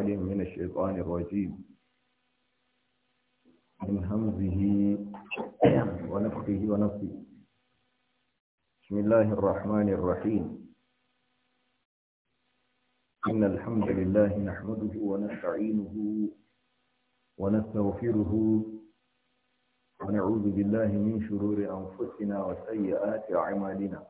العليم من الشيطان الرجيم من همزه ونفخه ونفخه بسم الله الرحمن الرحيم إن الحمد لله نحمده ونستعينه ونستغفره ونعوذ بالله من شرور أنفسنا وسيئات أعمالنا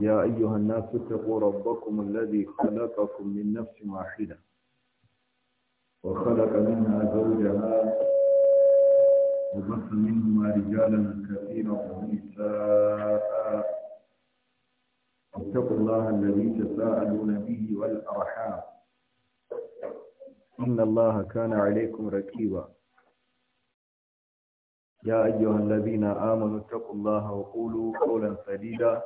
يا أيها الناس اتقوا ربكم الذي خلقكم من نفس واحدة وخلق منها زوجها وبث منهما رجالا كثيرا ونساء واتقوا الله الذي تساءلون به والأرحام إن الله كان عليكم ركيبا يا أيها الذين آمنوا اتقوا الله وقولوا قولا سديدا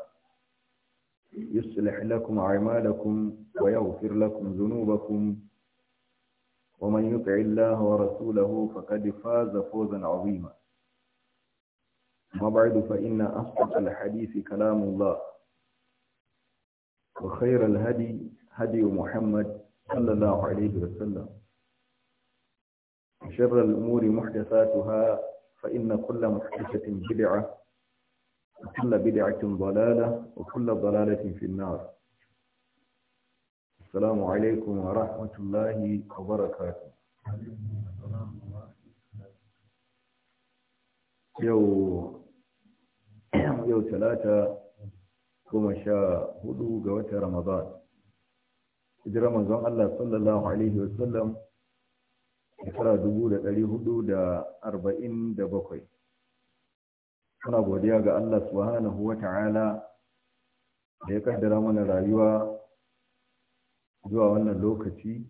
يصلح لكم أعمالكم ويغفر لكم ذنوبكم ومن يطع الله ورسوله فقد فاز فوزا عظيما ما بعد فإن أصدق الحديث كلام الله وخير الهدي هدي محمد صلى الله عليه وسلم شر الأمور محدثاتها فإن كل محدثة بدعة وكل بدعة ضلالة وكل ضلالة في النار السلام عليكم ورحمة الله وبركاته يو يو ثلاثة كما شاء هدو هدوغ رمضان إذا رمضان الله صلى الله عليه وسلم يقرأ دبولة لهدوغ أربعين دبقين muna godiya ga Allah subhanahu wa ta'ala da ya kaddara mana rayuwa zuwa wannan lokaci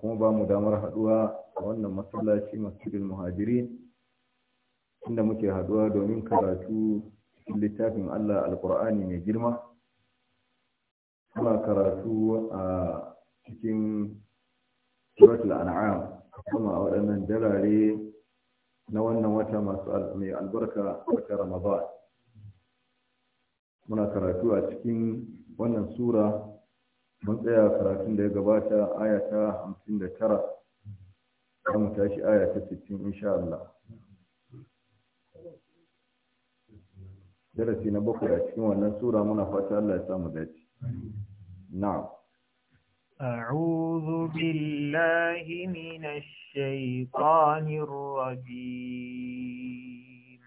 kuma ba mu damar haduwa a wannan masallaci masjidil muhajirin inda muke haduwa domin karatu cikin littafin Allah alkur'ani mai girma muna karatu a cikin suratul an'am kuma a waɗannan jarare na wannan wata masu mai albarka wata ramadan muna karatu a cikin wannan sura mun tsaya karatun da ya gabata aya ta hamsin da tara za mu tashi aya ta sittin insha Allah darasi na bakwai a cikin wannan sura muna fata Allah ya samu dace na'am أعوذ بالله من الشيطان الرجيم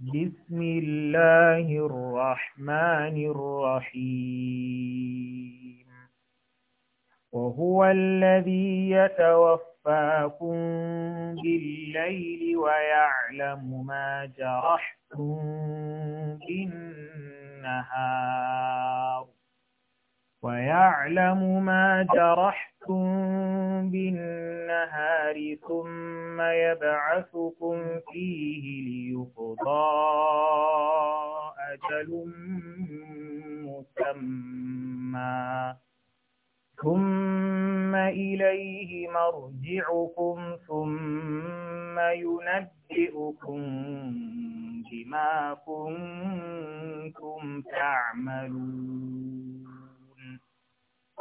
بسم الله الرحمن الرحيم وهو الذي يتوفاكم بالليل ويعلم ما جرحتم بالنهار ويعلم ما جرحتم بالنهار ثم يبعثكم فيه ليقضى أجل مسمى ثم إليه مرجعكم ثم ينبئكم بما كنتم تعملون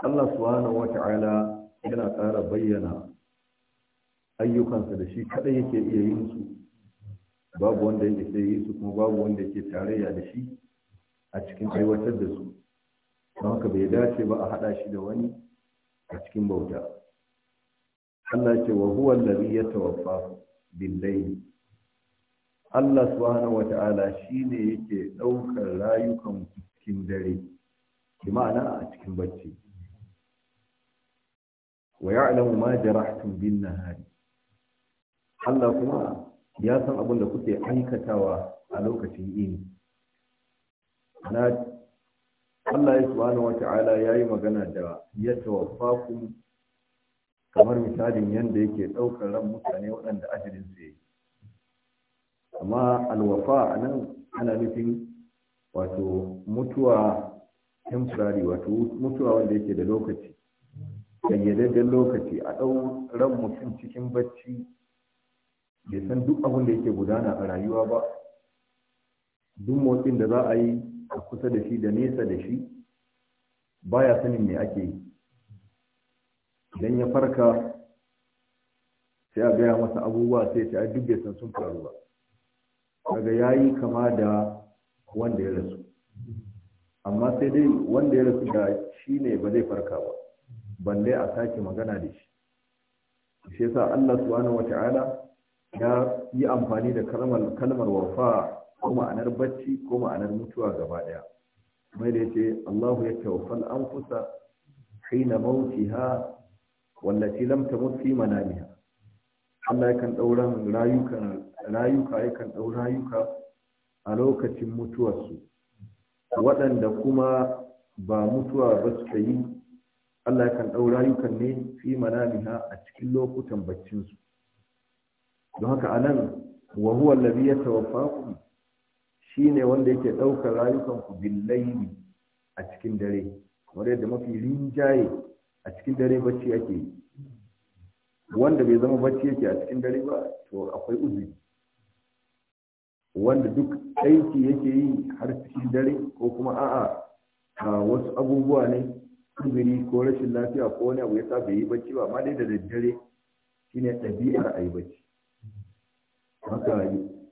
Allah subhanahu wata'ala yana ƙara bayyana ayyukansa da shi kaɗai yake iya yin su babu wanda yake sai yi su kuma babu wanda yake tarayya da shi a cikin aiwatar da su don haka bai dace ba a haɗa shi da wani a cikin bauta Allah ce wa huwa allazi yatawaffa bil layl Allah subhanahu wata'ala ne yake ɗaukar rayukan cikin dare bi ma'ana a cikin bacci wa ya'lamu ma jarahtun bin nahari Allah kuma ya san abin da kuke aikatawa a lokacin yini Allah ya subhanahu wata'ala ya yi magana da ya tawaffakum kamar misalin yadda yake ɗaukar ran mutane waɗanda ajalin su yi amma alwafa a nan ana nufin wato mutuwa temporary wato mutuwa wanda yake da lokaci da lokaci a ɗau ran mutum cikin bacci bai san duk abin da yake gudana a rayuwa ba duk motsin da za a yi a kusa da shi da nesa da shi baya sanin me ake yi idan ya farka sai a gaya masa abubuwa sai sai duk bai san sun faru ba kaga yayi kama da wanda ya rasu amma sai dai wanda ya rasu da shi ne ba zai farka ba balle a sake magana da shi shi yasa Allah subhanahu wata'ala ya yi amfani da kalmar kalmar wafa ko ma'anar bacci ko ma'anar mutuwa gaba daya mai da yace Allahu yatawaffal anfusa hina mautiha wallati lam tamut fi manamiha Allah yakan dauran rayuka rayuka yakan dau rayuka a lokacin mutuwarsu waɗanda kuma ba mutuwa ba suka yi Allah kan ɗau rayukan ne fi manamiha a cikin lokutan baccinsu don haka a nan wa huwa allazi yatawaffakum shine wanda yake ɗaukar rayukan ku billaili a cikin dare kamar yadda mafi rinjaye a cikin dare bacci yake wanda bai zama bacci yake a cikin dare ba to akwai uzuri wanda duk aiki yake yi har cikin dare ko kuma a'a wasu abubuwa ne uzuri ko rashin lafiya ko wani abu ya sa bai yi bacci ba amma dai da daddare shine ɗabi'ar a yi bacci haka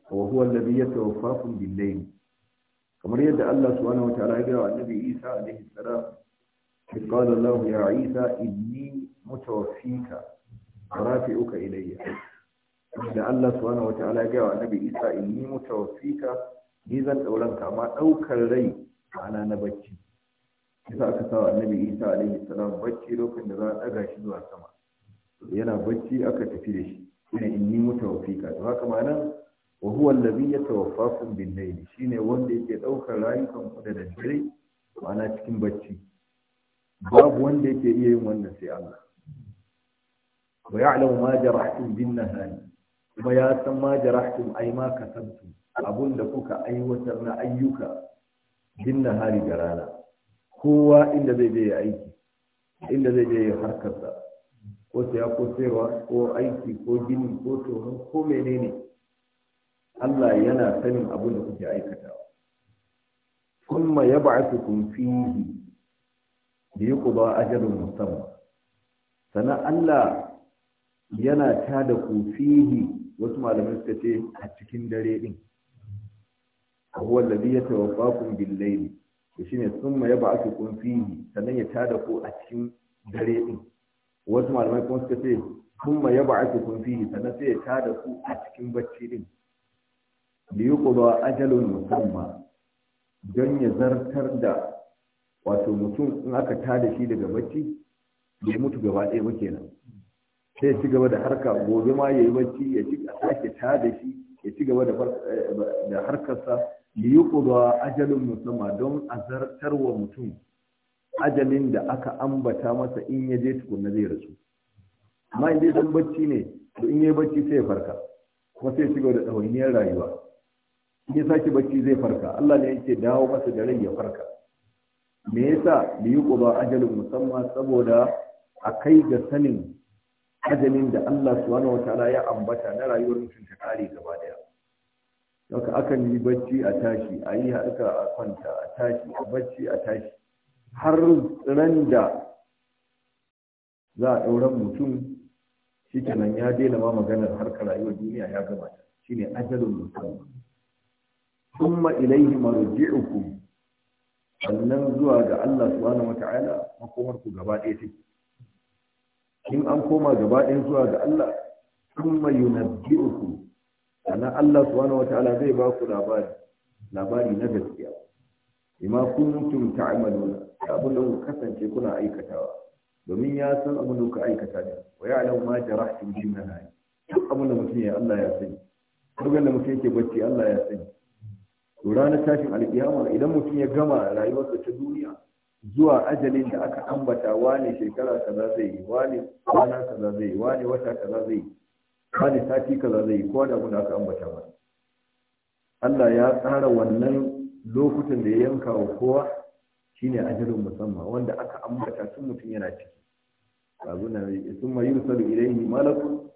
wa huwa alladhi yatawaffakum bil-layl kamar yadda Allah subhanahu wa ta'ala ya gaya wa annabi Isa alaihi salam qala Allah ya Isa inni mutawaffika wa rafi'uka ilayya da Allah subhanahu wa ta'ala ya gaya wa annabi Isa inni mutawaffika ni zan dauranka amma daukar rai ana na bacci yasa aka sa annabi isa alaihi salam bacci lokacin da za a daga shi zuwa sama yana bacci aka tafi da shi ina inni mutawaffika to haka ma'anan wa huwa allazi yatawaffakum bin layl shine wanda yake daukar rayukan ku da dare, ma'ana cikin bacci babu wanda yake iya yin wannan sai Allah wa ya'lamu ma jarahtum bin nahari kuma ya san ma jarahtum ai ma kasabtum abun da kuka aiwatar na ayyuka bin nahari da rana kowa inda zai je ya aiki inda zai je ya harkarsa ko saya ko sayarwa ko aiki ko gini ko tsoron ko menene Allah yana sanin abin da kuke aikatawa kuma ya ba'athukum fihi liyuqda ajalun musamman sannan Allah yana ta da fihi wasu malamai suka ce a cikin dare din huwa alladhi yatawaffakum bil layli to shine maye ya ake kun fihi sannan ya tada ku a cikin dare din wasu malamai kuma suka ce summa ya ake kun fihi sannan sai ya tada ku a cikin bacci din li yuqda ajalun musamma don ya zartar da wato mutum in aka tada shi daga bacci ya mutu gaba ɗaya ba kenan sai ci gaba da harka gobe ma ya yi bacci ya ci a sake tada shi ya ci gaba da eh, harkarsa liyuqda ajalin musamma don azartar wa mutum ajalin da aka ambata masa in ya je tukunna zai rasu amma in dai bacci ne to in yayi bacci sai ya farka kuma sai shiga da ɗawainiyar rayuwa in ya sake bacci zai farka Allah ne yake dawo masa da rai ya farka me yasa liyuqda ajalin musamman saboda a kai ga sanin ajalin da Allah subhanahu wataala ya ambata na rayuwar mutum ta kare gaba daya haka akan yi bacci a tashi a yi haka a kwanta a tashi a bacci a tashi har ran da za a ɗauran mutum shi kenan ya daina ma maganar harkar rayuwar duniya ya gama ta shine ajalun musamman thumma ilaihi marji'ukum sannan zuwa ga Allah subhanahu wata'ala makomar ku gaba ɗaya take in an koma gaba ɗaya zuwa ga Allah thumma yunabbi'ukum sannan Allah subhanahu Ta'ala zai ba ku labari labari na gaskiya ima kuntum ta'maluna abin da kasance kuna aikatawa domin ya san abin da kuka aikata ne wa ya'lamu ma jarahtum bin nahari duk abin da mutum ya Allah ya sani kurgan da mutum yake bacci Allah ya sani to ranar tashin alkiyama idan mutum ya gama rayuwarsa ta duniya zuwa ajalin da aka ambata wane shekara kaza zai yi wane kwana kaza zai yi wane wata kaza zai yi wani sati kaza zai yi kowa da abin da aka ambata ba Allah ya tsara wannan lokutan da ya yanka wa kowa shine ajalin musamman wanda aka ambata tun mutum yana ciki abin da sun ma yursalu ilaihi malaku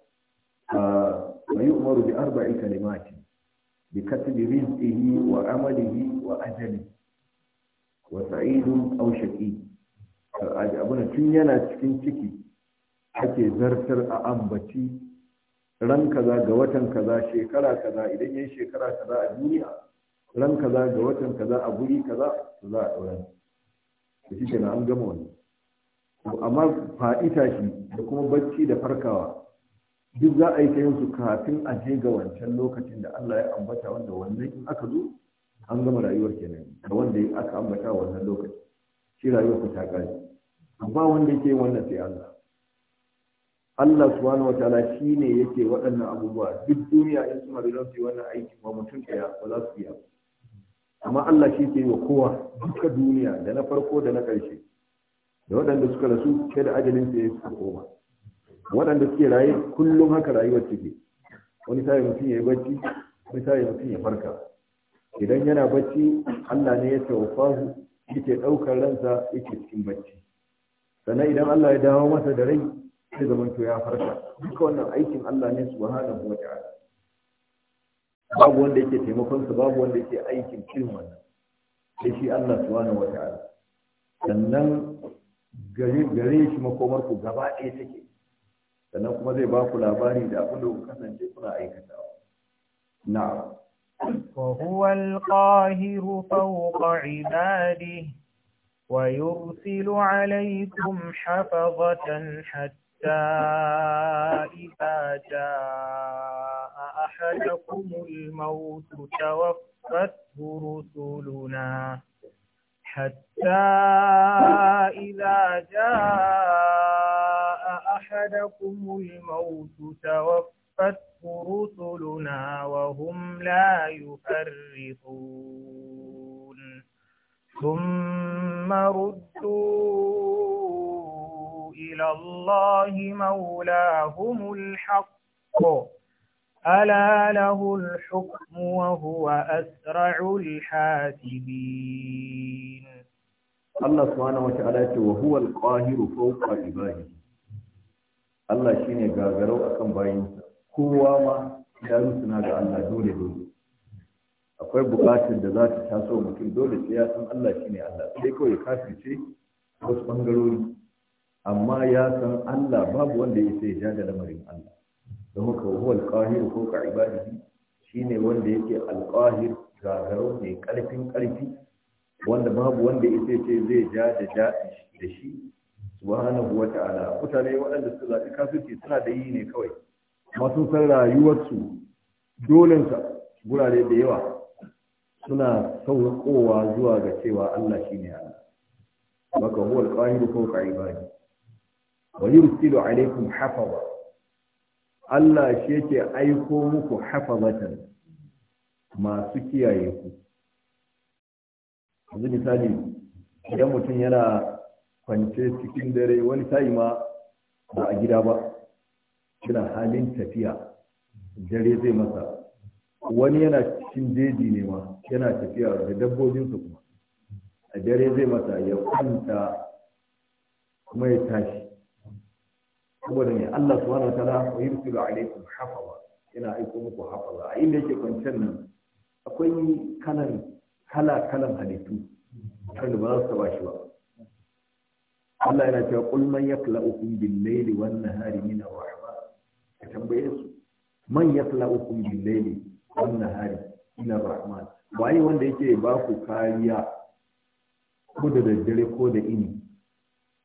wa umaru bi arba'in kalimati bi katibi rizqihi wa amalihi wa ajali wa sa'idun aw shaqi abin tun yana cikin ciki ake zartar a ambaci ran kaza ga watan kaza shekara kaza idan yayi shekara kaza a duniya ran kaza ga watan kaza a guri kaza to za a daura shi kenan an gama wani amma faɗi tashi da kuma bacci da farkawa duk za a yi ta su kafin a je ga wancan lokacin da Allah ya ambata wanda wannan in aka zo an gama rayuwar kenan da wanda aka ambata wannan lokacin shi rayuwar ku ta kare amma wanda yake wannan sai Allah Allah subhanahu shi shine yake waɗannan abubuwa duk duniya in suna da su wannan aiki ba mutum ɗaya ba za su iya amma Allah shi ke yi wa kowa duka duniya da na farko da na ƙarshe da waɗanda suka rasu kai da ajalin su ya suka koma waɗanda suke raye kullum haka rayuwar take wani sai mutum ya yi bacci wani sai mutum ya farka idan yana bacci Allah ne ya tawaffahu yake ɗaukar ransa yake cikin bacci sannan idan Allah ya dawo masa da rai sai zaman to ya farka duka wannan aikin Allah ne su wahala subhanahu wata'ala babu wanda yake taimakon su babu wanda yake aikin irin wannan sai shi Allah subhanahu wata'ala sannan gare gare shi makomar ku gaba ɗaya take sannan kuma zai ba ku labari da abin da ku kasance kuna aikatawa na'am وهو القاهر فوق عباده ويرسل عليكم حفظة حتى حتى إذا جاء أحدكم الموت توفته رسلنا حتى إذا جاء أحدكم الموت توفته رسلنا وهم لا يفرطون ثم ردوا إلى الله مولاهم الحق ألا له الحكم وهو أسرع الحاسبين الله سبحانه وتعالى وهو القاهر فوق عباده ne gagarau غاغرو أكم باينسا kowa ma idanun suna ga Allah dole dole akwai bukatar da za ta taso mutum dole sai ya san Allah ne Allah sai kawai ce wasu bangarori amma ya san Allah babu wanda ya sai ja da lamarin Allah don haka huwa alqahir ko ka ibadihi shine wanda yake alqahir gagarau ne karfin karfi wanda babu wanda ya sai zai ja da ja da shi subhanahu wata'ala mutane waɗanda suka zaɓi kafirci suna da yi ne kawai masu san rayuwarsu dolensa gurare da yawa suna sauƙowa zuwa ga cewa Allah shine Allah baka huwa alqahir ko ka ibadihi wa yursilu alaikum hafaza Allah shi yake aiko muku hafazatan masu kiyaye ku yanzu misali idan mutum yana kwance cikin dare wani sa'i ma ba a gida ba kina halin tafiya dare zai masa wani yana cikin jeji ne ma yana tafiya da dabbobinsa kuma a dare zai masa ya kwanta kuma ya tashi saboda ne Allah su tana wataala wa yursilu alaikum hafawa yana aiko muku hafawa a inda yake kwanciyar nan akwai kalan kala kalan halittu wanda ba za su taba shi ba Allah yana cewa qul man yakla'ukum bil layli wan nahari min ar-rahman ka tambaye su man yakla'ukum bil layli wan nahari min ar-rahman waye wanda yake ba ku kariya ko da daddare ko da ini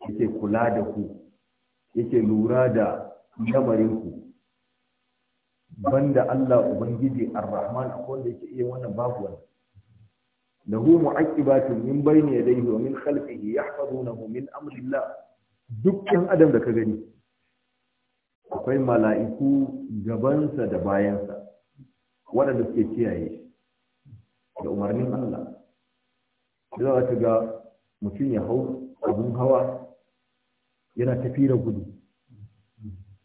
yake kula da ku yake lura da lamarinku banda Allah Ubangiji Ar-Rahman akwai da yake iya eh, wannan babu wannan lahu mu'aqibatun min bayni yadayhi wa min khalfihi yahfazunahu min amrillah dukkan adam da ka gani akwai mala'iku gabansa da bayansa waɗanda suke kiyaye da umarnin Allah. Za ga mutum ya hau abun hawa yana tafi da gudu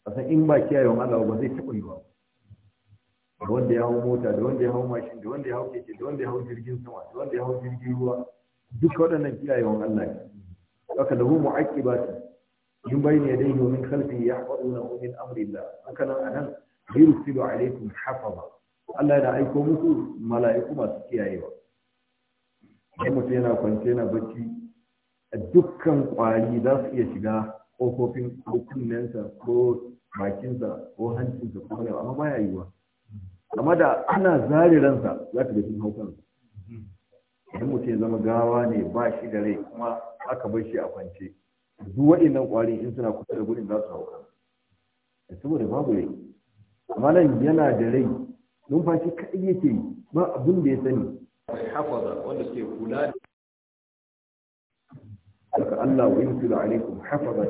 a in ba kiyayewan Allah ba zai taɓa yi ba da wanda ya hau mota da wanda ya hau mashin da wanda ya hau keke da wanda ya hau jirgin sama da wanda ya hau jirgin ruwa duk waɗannan kiyayewan Allah ne haka lahu mu'aqibatu min bayni yadayhi wa min khalfihi yahfazunahu min amrillah haka nan anan yursilu alaykum hafaza Allah yana aiko muku mala'iku masu kiyayewa idan mutum yana kwance yana bacci dukkan ƙwari za su iya shiga ƙofofin ko kunnensa ko bakinsa ko hancinsa ko wani amma baya yiwuwa amma da ana zare ransa za ka ga sun idan mutum ya zama gawa ne ba shi da rai kuma aka bar shi a kwance duk waɗannan ƙwari in suna kusa da gudun za su hau kansa saboda babu rai amma nan yana da rai numfashi kaɗai yake ba abin da ya sani hafaza wanda ke kula da Allah wa yunzilu alaikum hafazan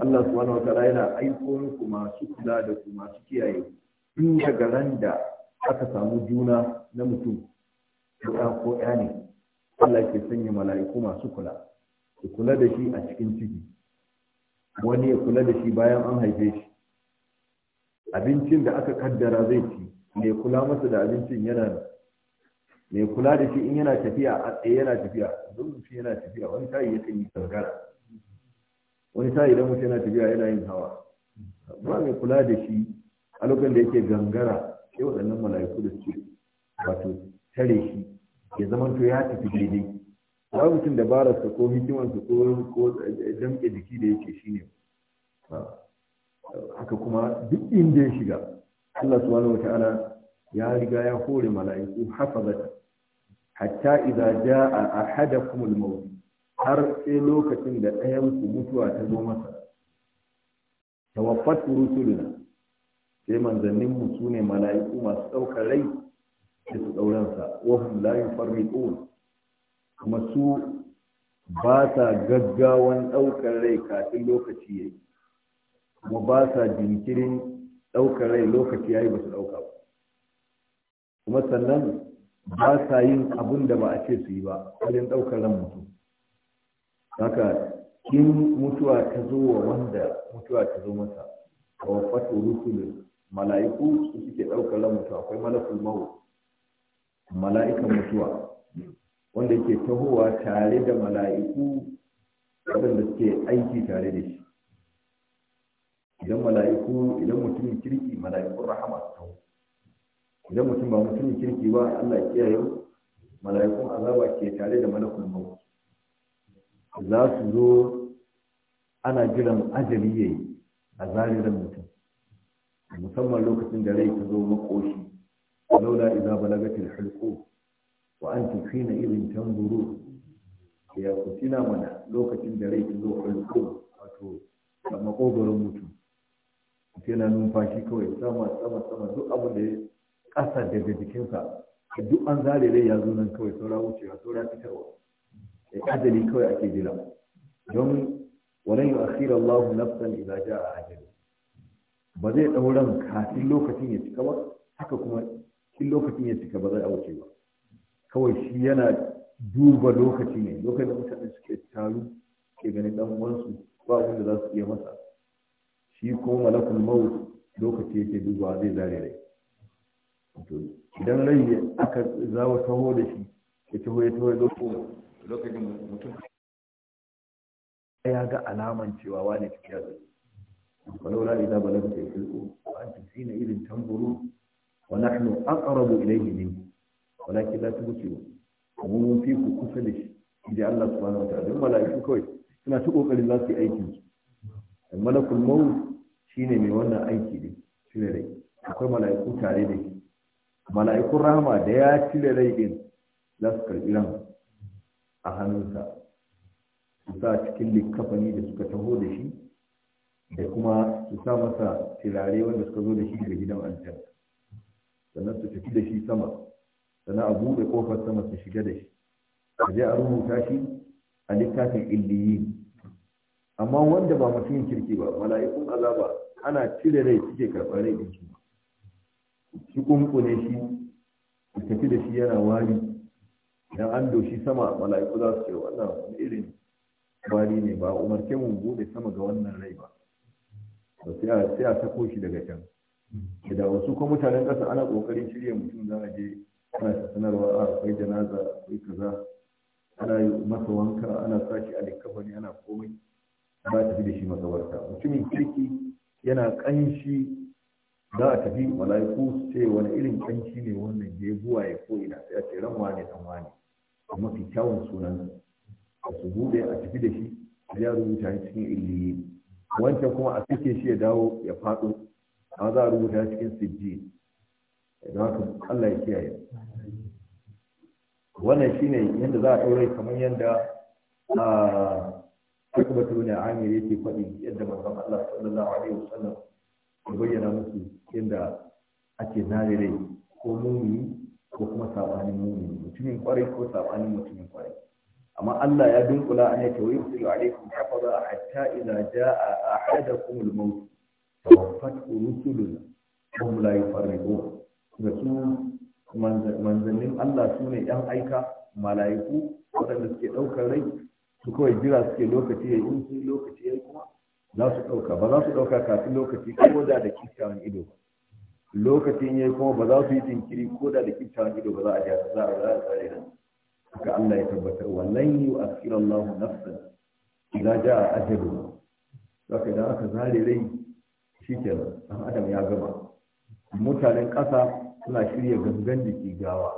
Allah subhanahu wataala yana aiko muku masu kula da ku masu kiyaye in daga ran da aka samu juna na mutum ya ko ya ne Allah ke sanya mala'iku masu kula su kula da shi a cikin ciki wani ya kula da shi bayan an haife shi abincin da aka kaddara zai ci mai kula masa da abincin yana mai kula da shi in yana tafiya a tsaye yana tafiya Don shi yana tafiya wani sa'i ya kan yi gangara wani sa'i idan mutum yana tafiya yana yin hawa ba mai kula da shi a lokacin da yake gangara sai waɗannan mala'iku da suke wato tare shi ya zama to ya tafi daidai ba mutum dabararsa ko sa ko ko damƙe jiki da yake shine haka kuma duk inda ya shiga Allah subhanahu wa ta'ala ya riga ya hore mala'iku hafazata hatta idza jaa ahadakum al-maut har sai lokacin da ɗayan ku mutuwa ta zo masa tawaffat rusuluna sai manzannin mu sune mala'iku masu ɗaukar rai da su ɗauran sa wa hum la yufarriqun kuma su ba sa gaggawan ɗaukar rai kafin lokaci yayi kuma ba sa jinkirin ɗaukar rai lokaci yayi ba su ɗauka ba kuma sannan ba sa yin abin da ba a ce su yi ba wajen ɗaukar ran mutum haka in mutuwa ta zo wa wanda mutuwa ta zo masa a wafatu rusulun mala'iku su suke ɗaukar ran mutuwa akwai malakul mawu mala'ikan mutuwa wanda ke tahowa tare da mala'iku waɗanda suke aiki tare da shi idan mala'iku idan mutumin kirki mala'ikun rahama su taho idan mutum ba mutumin kirki ba Allah ya kiyaye mala'ikun azaba ke tare da malakul maut za su zo ana jiran ajali yayi a zariran mutum musamman lokacin da rai ta zo makoshi laula idza balagatil hulqu wa antum hina idin tanzuru ya ku tina mana lokacin da rai ta zo hulqu wato makogoron mutum kina numfashi kawai sama sama sama duk abin da ƙasa daga jikinsa duk an zare rai ya zo nan kawai saura wucewa saura fitarwa eh, ajali kawai ake jira don wani yi akhira Allahu nafsan idza jaa ajali ba zai dauran kafin lokacin ya cika ba haka kuma in lokacin ya cika ba zai auce ba kawai shi yana duba lokaci ne lokacin da mutane suke taru ke ganin dan uwansu ba wanda za su iya masa shi kuma malakul maut lokaci yake duba zai zare rai idan rai aka zawo taho da shi ya taho ya taho ya zo lokacin mutum ya ga alaman cewa wani ciki ya zai walau ra'ayi za ba lafi da ya an ci shi na irin tamburu Wani wa nahnu aqrabu ilayhi min walakin la tubti mu mun fi ku kusa da shi idi Allah su wata abin ta'ala malaiku kawai. suna ta ƙoƙarin za su yi aiki malakul shi ne mai wannan aiki ne shi ne rai akwai malaiku tare da shi mala'ikun rahama da ya cire rai din za su a hannunsa su sa cikin likafani da suka taho da shi da kuma su sa masa tirare wanda suka zo da shi daga gidan antar, sannan su tafi da shi sama sannan a buɗe ƙofar sama su shiga da shi a je a rubuta shi a littafin illiyin amma wanda ba mutum kirki ba mala'ikun azaba ana cire rai suke karɓar rai din shi ba shi kunkune shi tafi da shi yana wari idan an doshi sama mala'iku za su ce wannan irin wari ne ba umarce mu bude sama ga wannan rai ba sai a sako shi daga can da wasu kuma mutanen ƙasa ana ƙoƙarin shirya mutum za a je ana sanarwa a ah, akwai janaza akwai kaza ana yi masa wanka ana sa shi a likafani ana komai ba tafi da shi makabarta mutumin kirki yana ƙanshi za a tafi mala'iku su ce wani irin kanci ne wannan da ya buwa ya ko ina sai a ce ran wane dan wane a mafi kyawun sunan su bude a tafi da shi a ya rubuta shi cikin illiyi wancan kuma a suke shi ya dawo ya faɗo a za a rubuta cikin sijji don haka Allah ya kiyaye wannan shine yadda za a ɗaure kamar yadda a ah, takbatu ne amir yake faɗi yadda manzon Allah sallallahu alaihi wasallam Ka bayyana musu inda ake nare rai ko mumini ko kuma sabanin mumini mutumin kwarai ko sabanin mutumin kwarai amma Allah ya dunkula an yake wayi sallu alaikum hafaza hatta idza jaa ahadakum al-maut tawaffat rusulun hum la yufarriqun da su manzannin Allah su ne ‘yan aika mala'iku waɗanda suke ɗaukar rai su kawai jira suke lokaci ya yi lokaci ya yi kuma za su ɗauka ba za su ɗauka kafin lokaci ko da da kiftawan ido ba lokacin yi kuma ba za su yi jinkiri ko da da kiftawan ido ba za a ja za a za a tsare nan haka Allah ya tabbatar wa lan yu'akhira Allahu nafsan ajiyar ba za ka idan aka zare rai ke ɗan adam ya gama mutanen ƙasa suna shirya gangan jiki gawa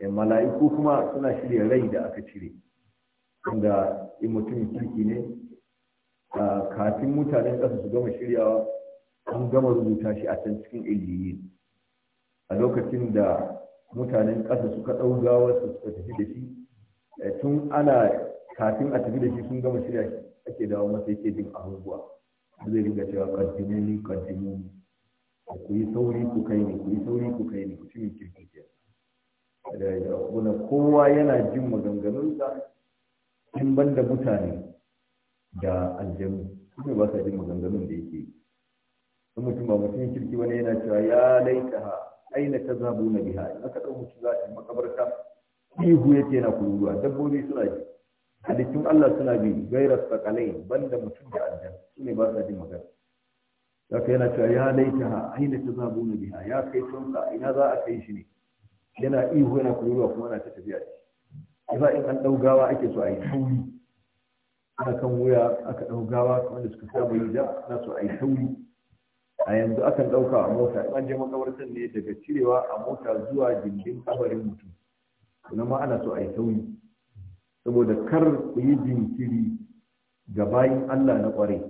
eh, mala'iku kuma suna shirya rai da aka cire inda in mutum kirki ne kafin mutanen ƙasa su gama shiryawa an gama rubuta shi a can cikin iliyin e. a lokacin da mutanen ƙasa suka ɗau gawar su suka tafi da shi eh, tun ana kafin a tafi da shi sun gama shirya shi ake dawo masa yake jin abubuwa zai riga cewa kantinoni ni. ku yi sauri ku kai ne ku yi sauri ku kai ne min kirki ke da kowa yana jin maganganunsa in banda mutane da aljanu kuma ba sa jin maganganun da yake in mutum ba mutum kirki wani yana cewa ya laita ha aina ta zabu na biha in aka ɗau mutu za a makabarta ihu yake yana kururuwa dabbobi suna ji halittun Allah suna bi gairar sakalai banda mutum da aljan su ne ba sa jin magana zaka yana cewa ya laita ha aina ta zabu na biha ya kai tonsa ina za a kai shi ne yana ihu yana kururuwa kuma yana ta tafiya ce ba in an ɗau gawa ake so a yi sauri ana kan wuya aka ɗau gawa da suka saba yi da na so a yi sauri a yanzu akan ɗauka a mota in an je makabartar ne daga cirewa a mota zuwa jirgin kabarin mutum kuma ma ana so a yi sauri saboda kar ku yi jinkiri ga bayin Allah na ƙware,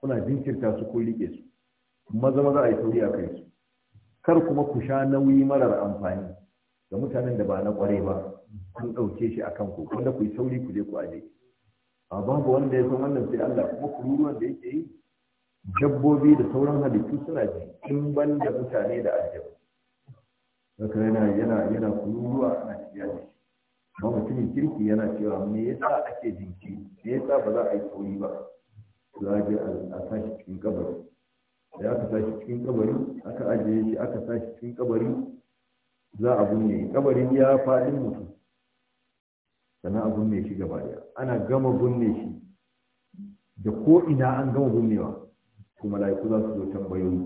kuna jinkirta su ko riƙe su maza maza a yi sauri a kai su kar kuma ku sha nauyi marar amfani ga mutanen da ba na ƙware ba kun ɗauke shi akan ku wanda ku yi sauri ku je ku aje a babu wanda ya san wannan sai Allah kuma kururuwan da yake yi dabbobi da sauran halittu suna ji in ban da mutane da aljabu haka yana yana yana kururuwa ana tafiya da shi amma mutumin kirki yana cewa me yasa ake jinki me yasa ba za a yi sauri ba za a je a tashi cikin kabari da aka tashi cikin kabari aka ajiye shi aka tashi cikin kabari za a binne kabarin ya faɗin mutum sannan a binne shi gaba daya ana gama binne shi da ko ina an gama binnewa to mala'iku za su zo tambayoyi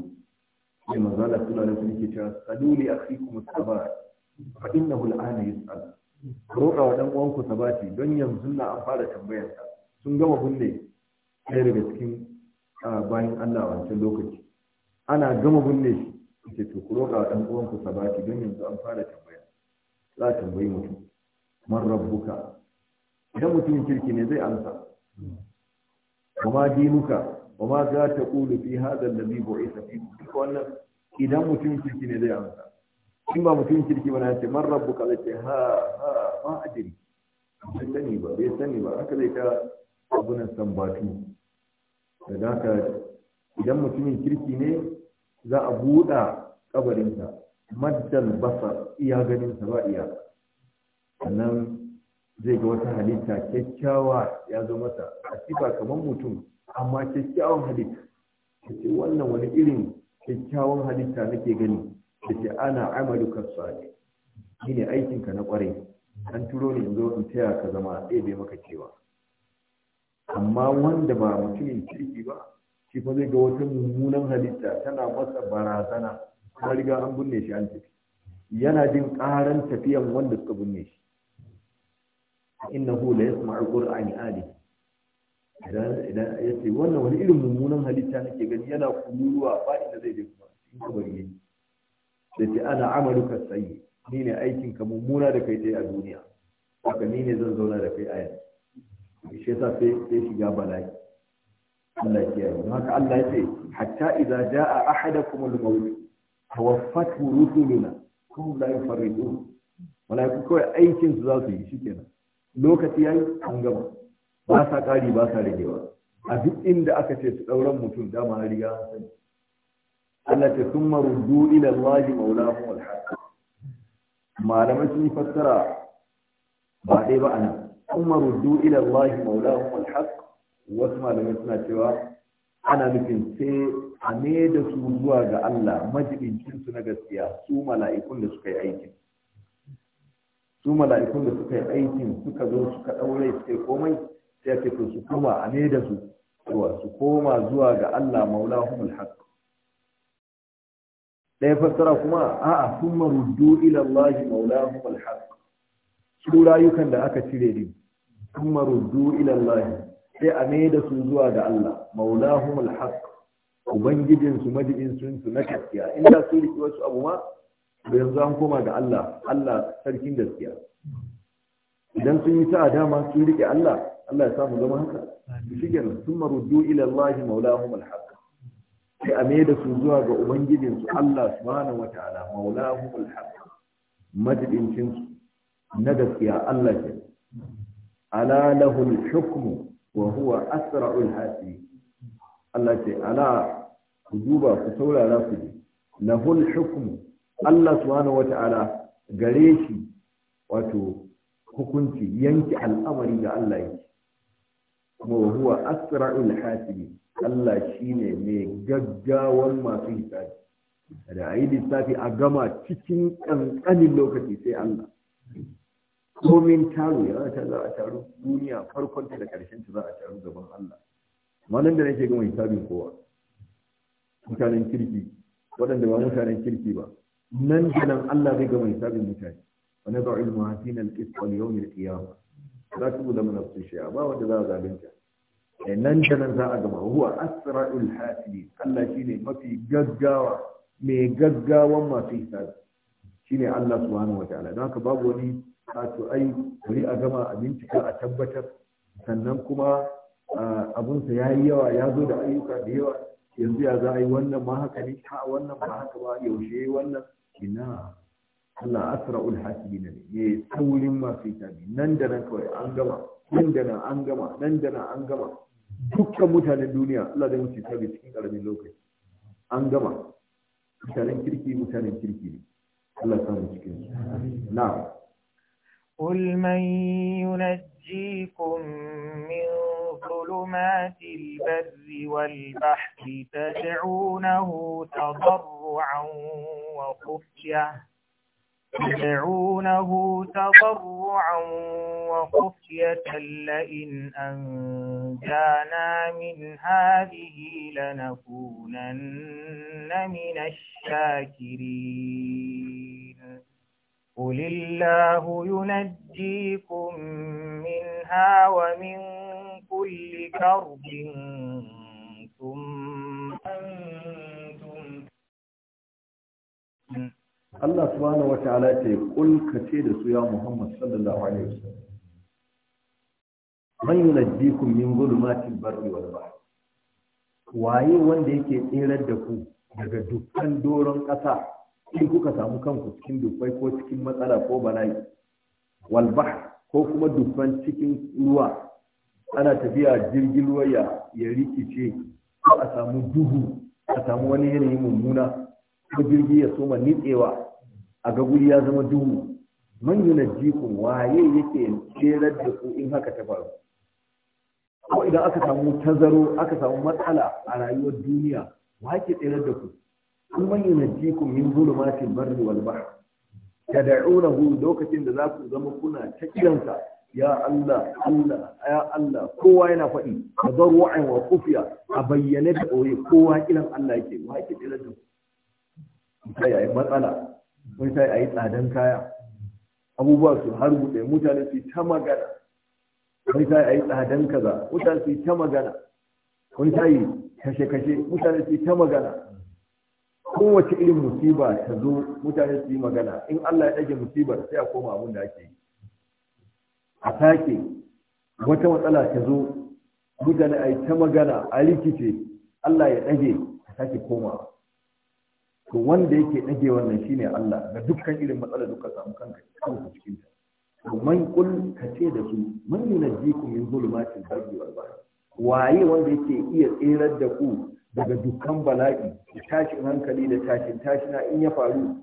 sai manzo Allah sallallahu da wasallam yake cewa saluli akhikum sabar fa innahu al'ana yus'al roƙa wa dan uwanku sabati don yanzu na an fara tambayar sa sun gama binne ɗaya daga cikin bayan Allah a wancan lokaci ana gama binne shi ce to roƙa wa dan uwanku sabati don yanzu an fara tambayar za a tambayi mutum man rabbuka idan mutumin kirki ne zai amsa kuma dinuka kuma za ta kulu fi hadal ladhi isa fi duk wannan idan mutumin kirki ne zai amsa in ba mutumin kirki ba na ce man rabbuka zai ce ha ha ma ajiri bai sani ba bai sani ba haka zai ta abunan sambatu da haka idan mutumin kirki ne za a buɗa kabarinsa maddal basar iya ganin sa ba iya. sannan zai ga wata halitta kyakkyawa ya zo masa a sifa kamar mutum amma kyakkyawan halitta ta ce wannan wani irin kyakkyawan halitta nake gani da ce ana amaluka sale shi ne aikinka na kwarai an turo ne yanzu in taya ka zama ɗaya bai maka cewa amma wanda ba mutumin kirki ba shi fa zai ga wata mummunan halitta tana masa barazana kuma riga an binne shi an tafi yana jin ƙaran tafiyan wanda suka binne shi innahu la yasma'u qur'ani ali idan idan yace wannan wani irin mummunan halitta nake gani yana kururuwa ba inda zai je kuma in ka bari ne yace ana amaluka sayyi ni ne aikin ka mummuna da kai dai a duniya haka ni ne zan zauna da kai a yanzu shi yasa sai sai shiga bala'i Allah ya kiyaye don haka Allah ya ce hatta idza jaa ahadakum al-maut tawaffatu rusuluna kuma la yufarridun malaiku kawai aikin su za su yi shikenan lokaci yayi an gama ba sa ƙari ba sa ragewa a duk inda aka ce su dauran mutum dama na riga an Allah ta sun maruddu ila Allah maulahu alhaq malamai sun fassara ba dai ba anan sun maruddu ila Allah maulahu alhaq wasu malamai suna cewa ana nufin sai a ne da su zuwa ga Allah majibincin su na gaskiya su mala'ikun da suka yi aikin su mala'ikun da suka yi aikin suka zo suka ɗaure suka yi komai sai ake to su koma a ne da su su koma zuwa ga Allah maulahumul haqq ɗaya fassara kuma a'a sun maruddu ila Allah maulahumul haqq su rayukan da aka cire din sun maruddu ila Allah sai a ne da su zuwa ga Allah maulahumul haqq ubangijin su majidin sun su na gaskiya inda su riki wasu abu ma yanzu an koma ga Allah Allah sarkin gaskiya idan sun yi sa'a dama sun riƙe Allah Allah ya samu zama haka shigen sun maruddu ila Allah maulahum alhaq sai a mai da su zuwa ga ubangijin su Allah subhanahu wataala maulahum alhaq majidincin su na gaskiya Allah ke ala lahu alhukm wa huwa asra'ul hasib Allah ce ala ku duba ku saurara ku lahul hukm Allah subhanahu ta'ala gare shi wato hukunci yanki al'amari da Allah yake kuma huwa asra'ul hasibi Allah shine mai gaggawan masu hisabi da ayi lissafi a gama cikin kankanin lokaci sai Allah komin taro ya ta za a taro duniya farkon ta da karshen ta za a taro gaban Allah malam da nake gama hisabin kowa mutanen kirki waɗanda ba mutanen kirki ba nan da Allah zai gama hisabin mutane wa na al-muhasin al-qist wal yawm al-qiyamah la tudlamu nafsun shay'a ba wanda za a zalunta eh, nan da za a gama huwa asra'ul hasidi Allah shine mafi gaggawa mai gaggawan masu hisabi shine Allah subhanahu wataala don haka babu wani wato ai bari a gama a bincika a tabbatar sannan kuma abunsa ya yi yawa ya zo da ayyuka da yawa yanzu ya za a yi wannan ma haka ne ha wannan ma haka ba yaushe wannan ina Allah asra'ul hasibin ne ya saurin masu hisabi nan da nan kawai an gama nan da nan an gama nan da nan an gama dukkan mutanen duniya Allah zai mutu hisabi cikin karamin lokaci an gama mutanen kirki mutanen kirki ne Allah samu cikin na. na'am قل من ينجيكم من ظلمات البر والبحر تدعونه تضرعا وخفية تدعونه تضرعا وخفية لئن أنجانا من هذه لنكونن من الشاكرين قل الله ينجيكم منها ومن كل كرب ثم أنتم Allah subhanahu wata'ala ce kul kace da su ya Muhammad sallallahu alaihi wasallam man yunajjikum min zulumatil barri wal bahr waye wanda yake tsirar da ku daga dukkan doron ƙasa in kuka samu kanku cikin dufai ko cikin matsala ko bala'i walbah ko kuma dufan cikin ruwa ana tafiya jirgin ruwa ya rikice ko a samu duhu a samu wani yanayi mummuna ko jirgi ya soma nitsewa a ga guri ya zama duhu man yunajjikum waye yake tserar da ku in haka ta faru ko idan aka samu tazaro aka samu matsala a rayuwar duniya wa ke tserar da ku kuma yunajjikum min zulumatil barri wal bahr tad'unahu lokacin da za ku zama kuna ta kiransa ya Allah Allah ya Allah kowa yana faɗi tadarru'an wa kufiya a bayyane da ɓoye kowa kiran Allah yake wa yake kiran da sai ayi matsala wani sai ayi tsadan kaya abubuwa su har buɗe mutane su ta magana wani sai ayi tsadan kaza mutane su ta magana wani sai kashe kashe mutane su ta magana kowace irin musiba ta zo mutane su yi magana in Allah ya ɗage musibar sai a koma abin da ake yi a sake wata matsala ta zo mutane a yi ta magana a rikice Allah ya ɗage a sake koma to wanda yake ɗage wannan shine Allah ga dukkan irin matsala duka samu kanka kanka cikin ta to man kul ka ce da su man yunajjikum min zulumatil barri wal bahr waye wanda yake iya tserar da ku daga dukkan bala'i da tashin hankali da tashin tashina in ya faru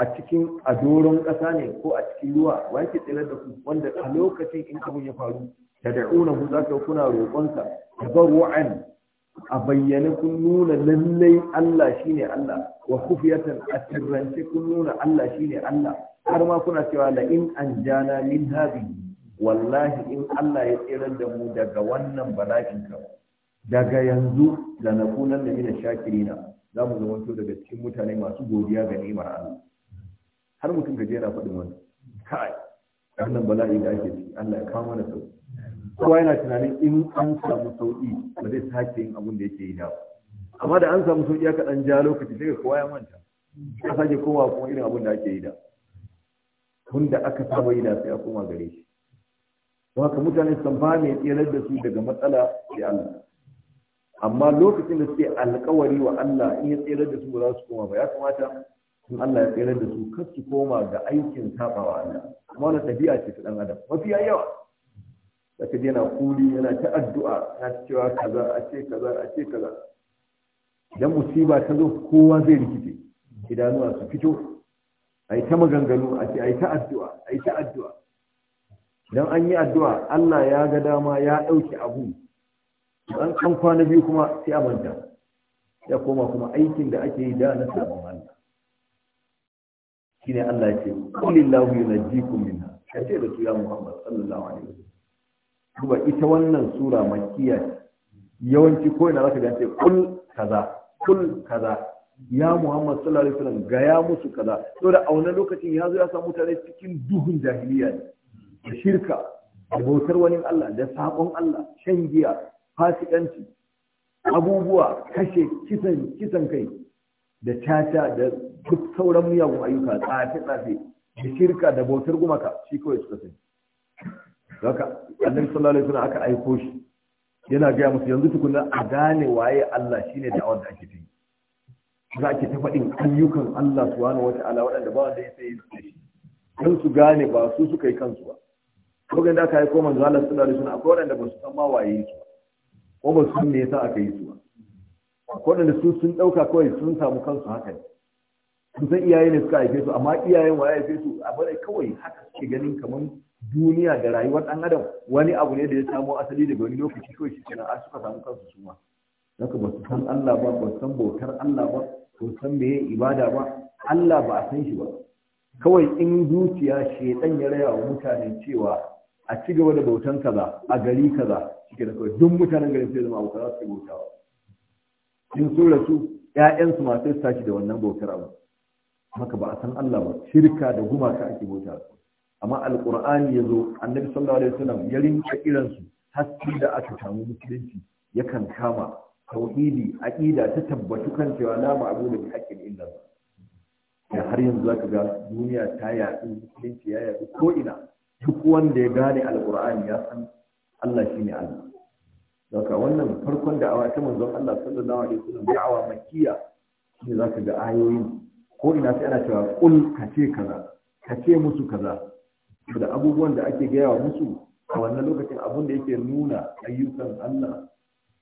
a cikin a doron ƙasa ne ko a cikin ruwa Wanke yake tsirar da ku wanda a lokacin in abun ya faru da da'una ku za ka kuna roƙonsa da wa'an a bayyane kun nuna lallai Allah ne Allah wa kufiyatan a sirrance kun nuna Allah shine Allah har ma kuna cewa la in anjana min hadhihi wallahi in Allah ya tsirar da mu daga wannan bala'in kawai daga yanzu da na kunan da mina na za mu zama to daga cikin mutane masu godiya ga ni'imar Allah har mutum gaje yana faɗin wani kai wannan bala'i da ake ciki Allah ya kawo mana sauki kowa yana tunanin in an samu sauki ba zai sake yin abin da yake yi da amma da an samu sauki aka dan ja lokaci sai kowa ya manta ka sake kowa kuma irin abin da ake yi da tun da aka samu yi da sai a koma gare shi don haka mutane san ba mai tsirar da su daga matsala ya Allah amma lokacin da suke alkawari wa Allah in ya tsere da su ba za su koma ba ya kamata in Allah ya tsere da su kar su koma ga aikin sabawa Allah amma wannan tafiya ce ta dan adam mafi yawa Saka je yana kuli yana ta addu'a ta cewa kaza a ce kaza a ce kaza idan musiba ta zo kowa zai rikice idanuwa su fito ai ta maganganu a ce a yi ta addu'a a yi ta addu'a idan an yi addu'a Allah ya ga dama ya ɗauke abu an kan kwana biyu kuma sai a manta ya koma kuma aikin da ake yi da na sabon Allah shine Allah ya ce kulillahu yunajjikum minha kace da su Muhammad sallallahu alaihi wasallam kuma ita wannan sura makkiya yawanci ko ina zaka ga ce kul kaza kul kaza ya Muhammad sallallahu alaihi wasallam ga ya musu kaza saboda a wannan lokacin ya zo ya samu mutane cikin duhun jahiliya da shirka da bautar wani Allah da sabon Allah shan giya fasikanci abubuwa kashe kisan kisan kai da caca da duk sauran miyagun ayyuka tsafe tsafe da shirka da bautar gumaka shi kawai suka sani haka annabi sallallahu alaihi wasallam aka aiko shi yana gaya musu yanzu tukunna a gane waye Allah shine da da ake yi za ki ta faɗin ayyukan Allah subhanahu wata'ala waɗanda ba wanda ya sai da shi don su gane ba su suka yi kansu ba ko da aka aiko manzo Allah sallallahu alaihi wasallam akwai waɗanda ba su san ma waye su ba ko ba su ya yasa aka yi su ba waɗanda su sun ɗauka kawai sun samu kansu haka ne sun san iyaye ne suka haife su amma iyayen wa ya haife su a bare kawai haka suke ganin kamar duniya da rayuwar ɗan adam wani abu ne da ya samo asali daga wani lokaci kawai shi kenan a suka samu kansu su ma haka ba su san Allah ba ba su san bautar Allah ba ba su san meye ibada ba Allah ba a san shi ba kawai in zuciya shedan ya raya wa mutane cewa a ci gaba da bautan kaza a gari kaza suke da kawai duk mutanen garin sai zama abokan za su bautawa in su rasu 'ya'yansu masu sai tashi da wannan bautar abu haka ba a san Allah ba shirka da gumaka ake bauta amma ya zo, annabi sallallahu alaihi wasallam ya rinka kiran su haske da aka samu musulunci yakan kama tauhidi aqida ta tabbatu kan cewa la ma'budu bi haqqin illa Allah har yanzu zaka ga duniya ta yaɗu musulunci ya yaɗu ko ina duk wanda ya gane alqur'ani ya san Allah shi ne Allah daga wannan farkon da'awa ta manzon Allah sallallahu alaihi wasallam da'awa makkiya shi zaka ga ayoyin ko ina sai ana cewa kul kace kaza kace musu kaza da abubuwan da ake gaya wa musu a wannan lokacin abun da yake nuna ayyukan Allah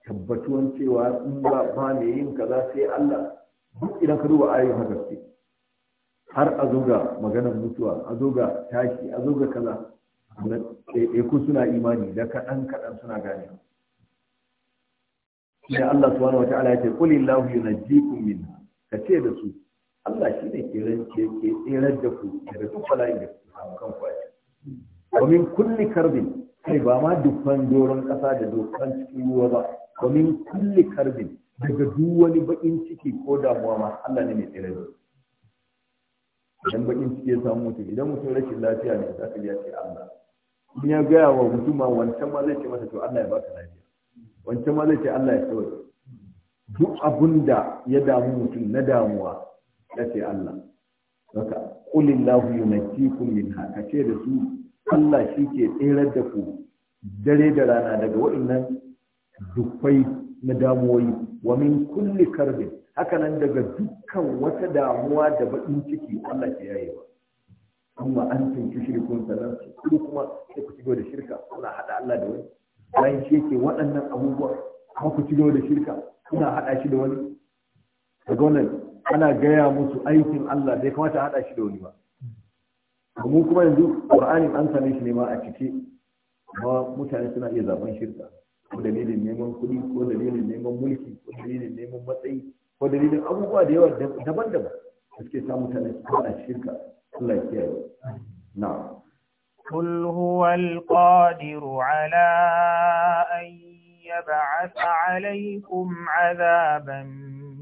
tabbatuwan cewa in ba ba ne yin kaza sai Allah duk idan ka duba ayoyin haka har a ga maganar mutuwa azoga zo ga tashi a ga kaza ku suna imani da kaɗan kaɗan suna gane sai Allah subhanahu wa ta'ala ya ce qul illahu yunajjikum min ka ce da su Allah shi ne ke rance ke tsirar da ku daga duk bala'in da ku samu kanku a ciki wa min kulli karbin kai ba ma dukkan doron ƙasa da dukkan cikin ruwa ba wa min kulli karbin daga duk wani bakin ciki ko damuwa ma Allah ne mai tsirar da idan bakin ciki ya samu mutum idan mutum rashin lafiya ne za ka ji ya ce Allah in ya gaya wa mutum ma wancan ma zai ce masa to Allah ya baka lafiya wancan ma zai ce Allah ya kawai duk abun da ya damu mutum na damuwa ya ce Allah haka qulillahu min haka ce da su Allah shi ke tsere da ku dare da rana daga waɗannan dukkai na damuwoyi wa min kulli karbin nan daga dukkan wata damuwa da baƙin ciki Allah ke yayewa amma an tuntu shirkun sannan su kuma sai ku shigo da shirka kuna haɗa Allah da wani bayan shi yake waɗannan abubuwa kuma ku shigo da shirka kuna haɗa shi da wani daga wannan ana gaya musu aikin Allah bai kamata a haɗa shi da wani ba mu kuma yanzu Qur'anin an same shi ne ma a cike kuma mutane suna iya zaben shirka ko dalilin neman kuɗi ko dalilin neman mulki ko dalilin neman matsayi ko dalilin abubuwa da yawa daban-daban suke sa mutane su haɗa shirka نعم قل هو القادر على أن يبعث عليكم عذابا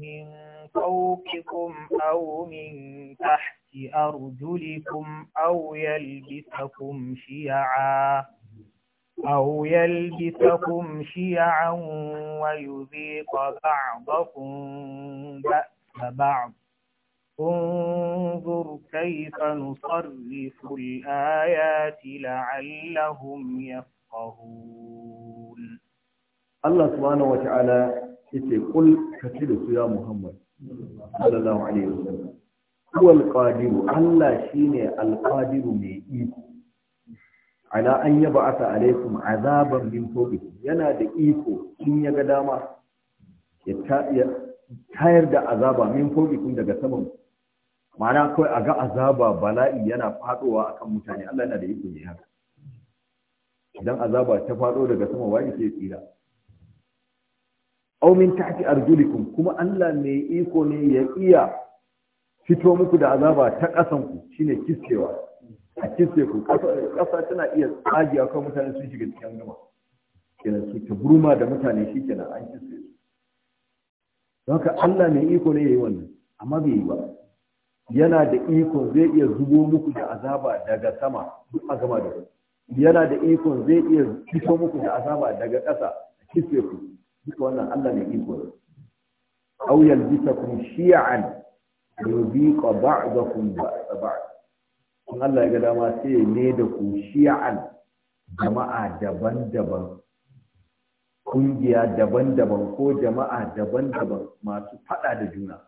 من فوقكم أو من تحت أرجلكم أو يلبسكم شيعا أو يلبسكم شيعا ويذيق بعضكم بأس بعض انظر كيف نصرف الآيات لعلهم يفقهون الله سبحانه وتعالى يقول كتير يا محمد صلى الله عليه وسلم هو القادر الله شيني القادر ميئيكم ala an yaba aka alaikum azaban min fobikum yana da iko in ya ga dama ya tayar da azaba min fobikum daga saman ma'ana kawai a ga azaba bala'i yana fadowa akan mutane Allah yana da iko ne haka idan azaba ta fado daga sama wani ke tsira aw min tahti arjulikum kuma Allah ne iko ne ya iya fito muku da azaba ta kasan ku shine kiskewa a kiske ku kasa tana iya tsaji akan mutane sun shiga cikin gama kenan su ta burma da mutane shi shikenan an kiske su don haka Allah ne iko ne ya yi wannan amma bai yi ba yana da ikon zai iya zubo muku da azaba daga sama duk a gama da ku yana da ikon zai iya fito muku da azaba daga ƙasa a kife ku duk wannan Allah ne iko aw yalbisakum shi'an yuziqa ba'dakum ba'd kun Allah ya ga dama sai ne da ku shi'an jama'a daban-daban kungiya daban-daban ko jama'a daban-daban masu fada da juna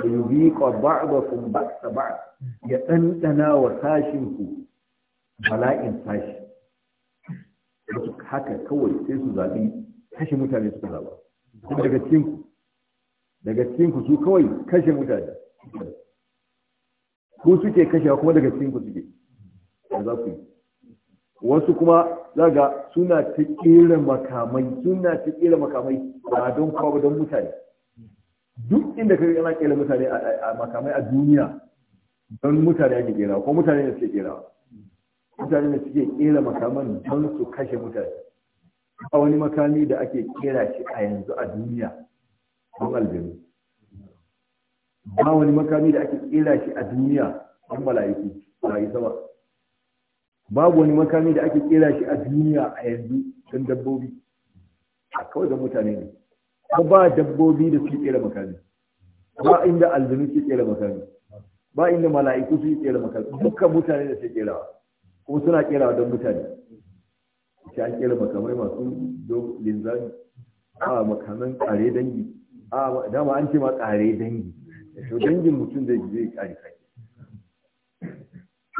wa yubiqa ba'dakum ba'sa ba'd ya ɗanɗana wa sashin ku bala'in sashi wasu haka kawai sai su zaɓi kashe mutane suka zaɓa kuma daga cikin ku daga cikin ku su kawai kashe mutane ku suke kashewa kuma daga cikin ku suke za ku yi wasu kuma zaga suna ta kera makamai suna ta kera makamai ba don kwa don mutane duk inda kai yana kera mutane a makamai a duniya don mutane ake kerawa, ko mutane ne suke kerawa. mutane ne suke kera makaman don su kashe mutane a wani makami da ake kera shi a yanzu a duniya don aljanu ba wani makami da ake kera shi a duniya don mala'iku ba yi sama babu wani makami da ake kera shi a duniya a yanzu don dabbobi a kawai don mutane ne ko ba dabbobi da su kera makami ba inda aljanu suke kera makami ba inda mala'iku suke kera makami dukkan mutane da su kerawa kuma suna kerawa don mutane shi an kera makamai masu linzami a makaman kare dangi a dama an ce ma kare dangi to dangin mutum zai je kare kai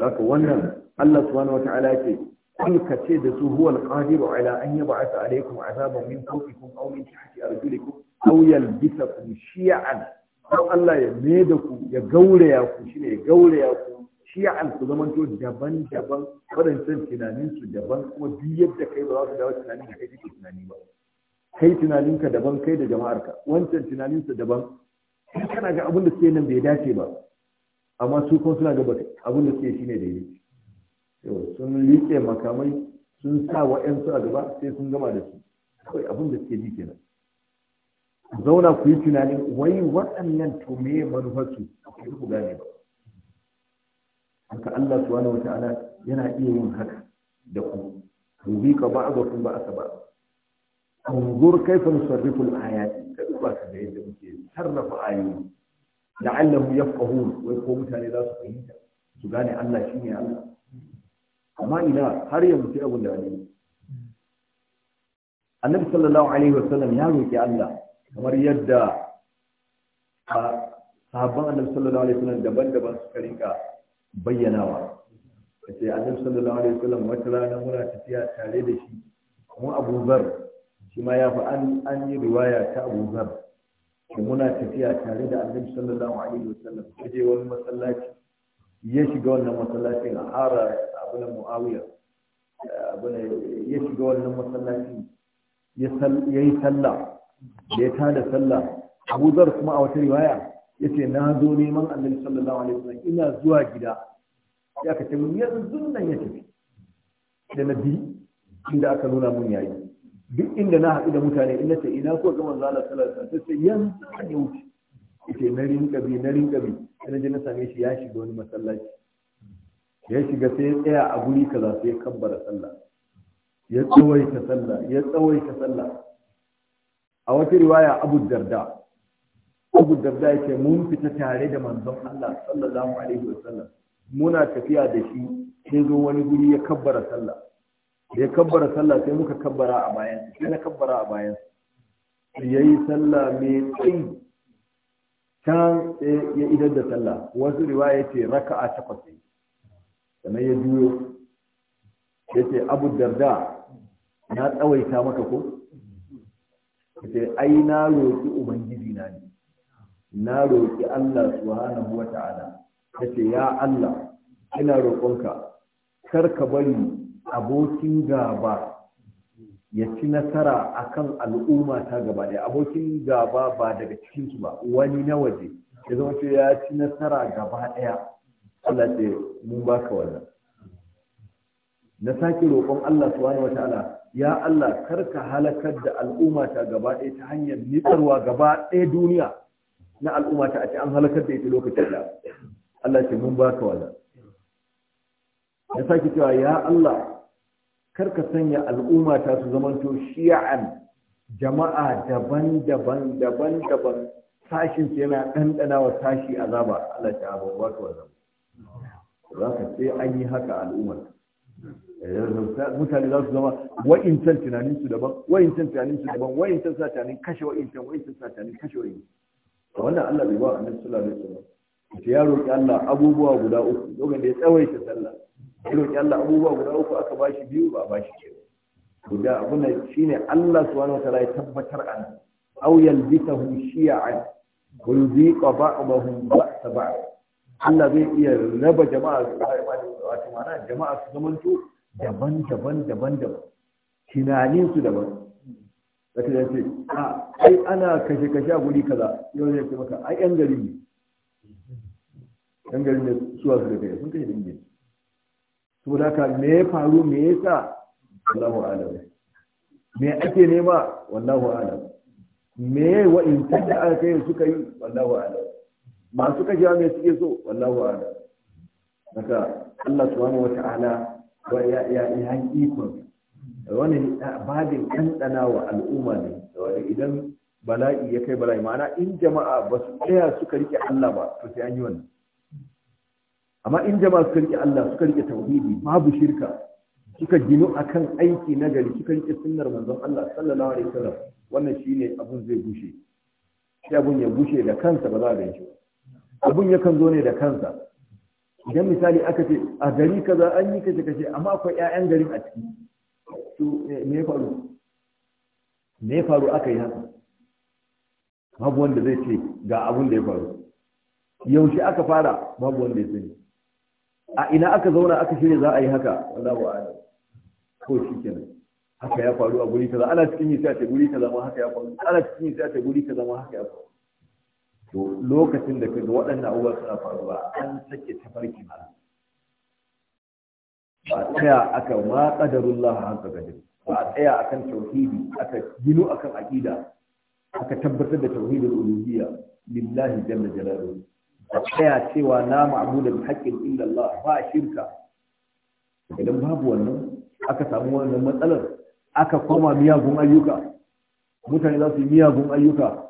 haka wannan Allah subhanahu wata'ala ce Kulka ce da su huwal qadiru ala an yab'atha alaykum azaban min fawqikum aw min tahti arjulikum aw yalbisakum shi'an ko Allah ya me da ku ya gauraya ku shine ya gauraya ku shi'an ku zaman to daban daban wadancan tunanin su daban kuma duk yadda kai ba za su dawo tunanin da kai kake tunani ba kai tunaninka daban kai da jama'arka wancan tunaninsa daban kana ga abin da suke nan bai dace ba amma su kuma suna ga abin da suke shine daidai sun liƙe makamai sun sa wa ‘yansu a gaba sai sun gama da su kawai abin da suke ji kenan zauna ku yi tunanin wai waɗannan to me manufarsu akwai ku gane ba haka Allah subhanahu wa ta'ala yana iya yin haka da ku rubi ka ba ga kun ba aka ba anzur kaifa nusarrifu al-ayat kada ba ka ga yadda muke sarrafa ayoyi la'allahum yafqahun wai ko mutane za su fahimta su gane Allah shine Allah amma ina har yanzu sai abin da ne annabi sallallahu alaihi wasallam ya roki Allah kamar yadda sahabban annabi sallallahu alaihi wasallam daban-daban suka rinka bayyanawa sai annabi sallallahu alaihi wasallam wata rana muna tafiya tare da shi kuma Abu Zar shi ma ya fi an an yi riwaya ta Abu Zar muna tafiya tare da annabi sallallahu alaihi wasallam kaje wani masallaci ya shiga wannan masallacin a harar. abunan mu'awiya eh, abuna ya shiga wannan masallaci ya yi sallah da ya tada sallah abu zar kuma a wata riwaya ya ce na zo neman annabi sallallahu alaihi wasallam ina zuwa gida ya ka ce mun yanzu nan ya tafi da na inda aka nuna mun yayi duk inda na haɗu da mutane ina ce ina ko ga manzo Allah sallallahu alaihi wasallam sai yanzu an ya wuce ce na rinka bi na rinka bi sai na je na same shi ya shiga wani masallaci ya shiga sai ya tsaya a guri kaza sai ya kabbara sallah ya tsawaita sallah ya tsawaita sallah a wata riwaya abu darda abu darda yake mun fita tare da manzon Allah sallallahu alaihi wasallam muna tafiya da shi sai zo wani guri ya kabbara sallah ya kabbara sallah sai muka kabbara a bayan sai na kabbara a bayan yayi sallah mai tsayi can eh, ya idar da sallah wasu riwaya ce raka'a takwas ne sannan ya juyo ya ce abu darda ya tsawaita maka ko ya ce ai na roƙi ubangiji na ne na roƙi allah subhanahu wa ta'ala ya ce ya allah ina roƙonka kar ka bari abokin gaba ya ci nasara akan al'umma ta gaba ɗaya abokin gaba ba daga cikinsu ba wani na waje ya zama ce ya ci nasara gaba ɗaya Allah ce mun baka wannan na sake roƙon Allah subhanahu ta'ala, ya Allah karka halakar da al'umma ta gaba ɗaya ta hanyar nitsarwa gaba ɗaya duniya na al'umma ta a ce an halakar da ita lokacin da Allah ce mun baka wannan na sake cewa ya Allah karka sanya al'umma ta su zamanto shi'an jama'a daban-daban daban-daban sashin yana ɗanɗana wa sashi azaba Allah ta abubuwa ta wannan za ka sai an yi haka al'ummar eh, mutane za su zama wa'incan tunanin su daban wa'incan tunanin su daban wa'incan sa tunanin kashe wa'incan wa'incan sa tunanin kashe wa'incan wannan Allah bai ba annabi sallallahu alaihi wasallam ta ya roƙi Allah abubuwa guda uku lokacin da ya tsawaita sallah ya roƙi Allah abubuwa guda uku aka ba shi biyu ba ba shi ke guda abin da shine Allah subhanahu wataala ya tabbatar an aw yalbitahu shi'an wa yuziqa ba'dahum ba'sa ba'd Allah zai iya raba jama'a su da wata mana jama'a su zamanto daban daban daban daban tunanin su daban zaka da ce a ai ana kashe kashe a guri kaza yau zai ce maka ai yan gari ne yan gari ne su wasu da kai sun kashe dinge saboda haka me ya faru me yasa Allahu a'lam me ake nema wallahu a'lam me wa'in da aka kai suka yi wallahu a'lam masu kashewa mai suke so wallahu a'lam haka Allah su ala ba ya ya ya ikon wani babin ɗanɗana wa al'umma ne idan bala'i ya kai bala'i ma'ana in jama'a ba su tsaya suka rike Allah ba to sai an yi wannan amma in jama'a suka rike Allah suka rike tauhidi babu shirka suka ginu akan aiki na gari suka rike sunnar manzon Allah sallallahu alaihi wasallam wannan shine abun zai bushe shi abun ya bushe da kansa ba za a ganshi ba abun yakan zo ne da kansa idan misali aka ce a gari kaza an yi kace kace amma akwai ƴaƴan garin a ciki to eh, me faru me faru aka yi haka babu wanda zai ce ga abun da ya faru yaushe aka fara babu wanda ya sani a ina aka zauna aka shirya za a yi haka wallahu a'lam ko shikenan haka ya faru a guri kaza ana cikin yi sai a ce guri kaza ma haka ya faru ana cikin yi sai a ce guri kaza ma haka ya faru to lokacin da kaga waɗannan abubuwa suna faruwa an sake tafarki ba ba tsaya aka ma qadarullah haka gadi ba tsaya akan tauhidi aka gino akan aqida aka tabbatar da tauhidul uluhiyya lillahi jalla jalaluhu ba tsaya cewa na ma'budu bi haqqin illa Allah ba shirka idan babu wannan aka samu wannan matsalar aka koma miyagun ayyuka mutane za su yi miyagun ayyuka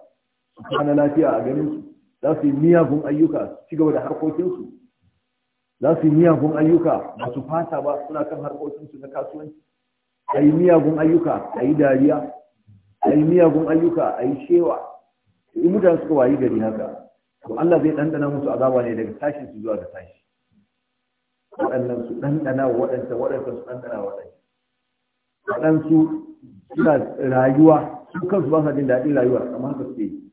su kwana lafiya a ganin su za su yi miyagun ayyuka su ci gaba da harkokinsu za su yi miyagun ayyuka ba su fata ba suna kan harkokinsu na kasuwanci a yi miyagun ayyuka a yi dariya a yi miyagun ayyuka a yi shewa in mutane suka wayi gari haka to Allah zai ɗanɗana musu azaba ne daga tashi su zuwa ga tashi waɗannan su ɗanɗana waɗanta waɗanta su ɗanɗana waɗansu. waɗansu suna rayuwa su kansu ba sa jin daɗin rayuwa amma haka suke yi